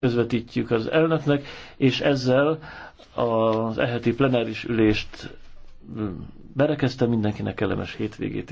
közvetítjük az elnöknek, és ezzel az eheti plenáris ülést mm, berekeztem mindenkinek kellemes hétvégét.